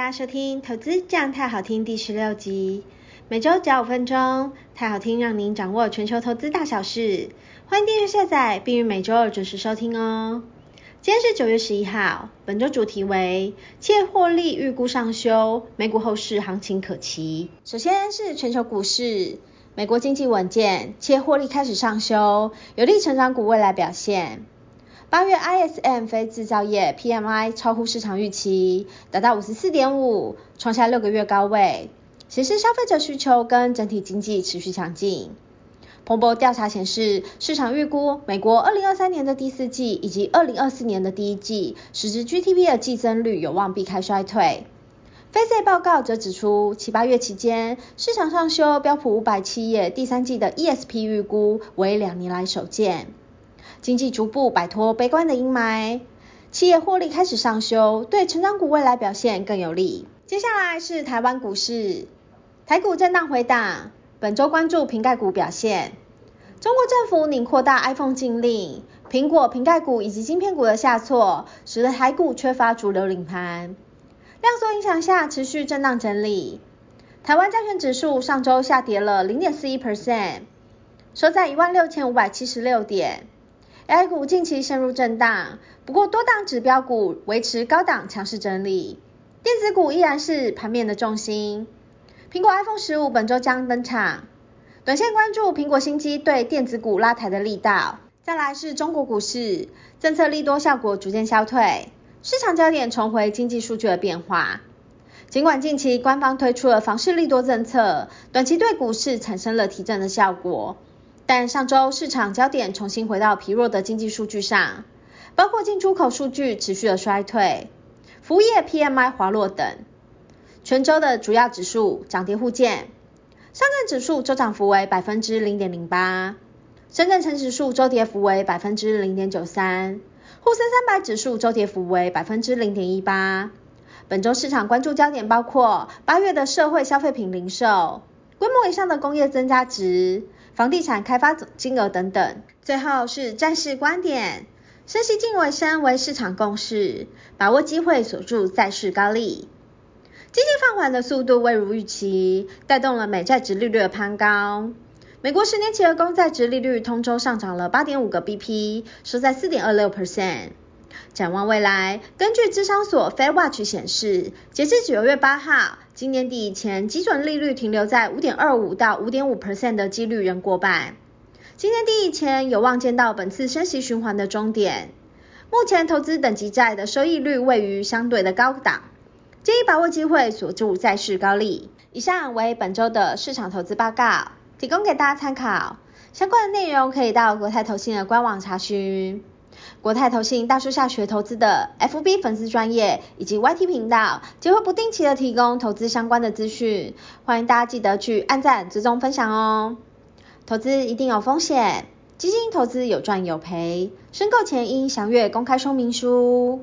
大家收聽投資這樣太好聽第十六集，每周只要五分鐘，太好聽讓您掌握全球投資大小事。歡迎訂閱下載，並於每周二準時收聽哦。今天是九月十一號，本周主題為企業獲利預估上修，美股後市行情可期。首先是全球股市，美國經濟穩健，企業獲利開始上修，有利成長股未來表現。八月 ISM 非製造業 PMI 超乎市場預期，達到五十四點五，創下六個月高位，顯示消費者需求跟整體經濟持續強勁。彭博調查顯示，市場預估美國二零二三年的第四季以及二零二四年的第一季，實質 GDP 的季增率有望避開衰退。非財報告則指出，七八月期間，市場上修標普五百企業第三季的 ESP 預估為兩年來首見。經濟逐步擺脫悲觀的陰霾，企業獲利開始上修，對成長股未來表現更有利。接下來是台灣股市，台股震盪回檔，本周關注蘋概股表現。中國政府擬擴大 iPhone 禁令，蘋果蘋概股以及晶片股的下挫，使得台股缺乏主流領盤，量縮影響下持續震盪整理。台灣加權指數上周下跌了零點四一 percent，收在一萬六千五百七十六點。A 股近期陷入震盪，不過多檔指標股維持高檔強勢整理，電子股依然是盤面的重心。蘋果 iPhone 十五本周將登場，短線關注蘋果新機對電子股拉抬的力道。再來是中國股市，政策利多效果逐漸消退，市場焦點重回經濟數據的變化。儘管近期官方推出了房市利多政策，短期對股市產生了提振的效果。但上週市場焦點重新回到疲弱的經濟數據上，包括進出口數據持續的衰退、服務業 PMI 滑落等。全周的主要指數漲跌互見，上證指數周漲幅為百分之零點零八，深圳成指數周跌幅為百分之零點九三，滬深三百指數周跌幅為百分之零點一八。本周市場關注焦點包括八月的社會消費品零售、規模以上的工業增加值、房地產開發總金額等等。最後是債市觀點，升息近尾聲為市場共識，把握機會鎖住債市高利。經濟放緩的速度未如預期，帶動了美債殖利率的攀高。美國十年期的公債殖利率通周上漲了八點五個 bp，收在四點二六 percent。展望未來，根據芝商所 Fed Watch 顯示，截至九月八號，今年底以前基準利率停留在五點二五到五點五 percent 的幾率仍過半。今年底以前有望見到本次升息循環的終點。目前投資等級債的收益率位於相對的高檔，建議把握機會鎖住債市高利。以上為本周的市場投資報告，提供給大家參考。相關的內容可以到國泰投信的官網查詢。國泰投信大樹下學投資的 FB 粉絲專業以及 YT 頻道，也會不定期的提供投資相關的資訊，歡迎大家記得去按讚、追蹤、分享哦。投資一定有風險，基金投資有賺有賠，申購前應詳閱公開說明書。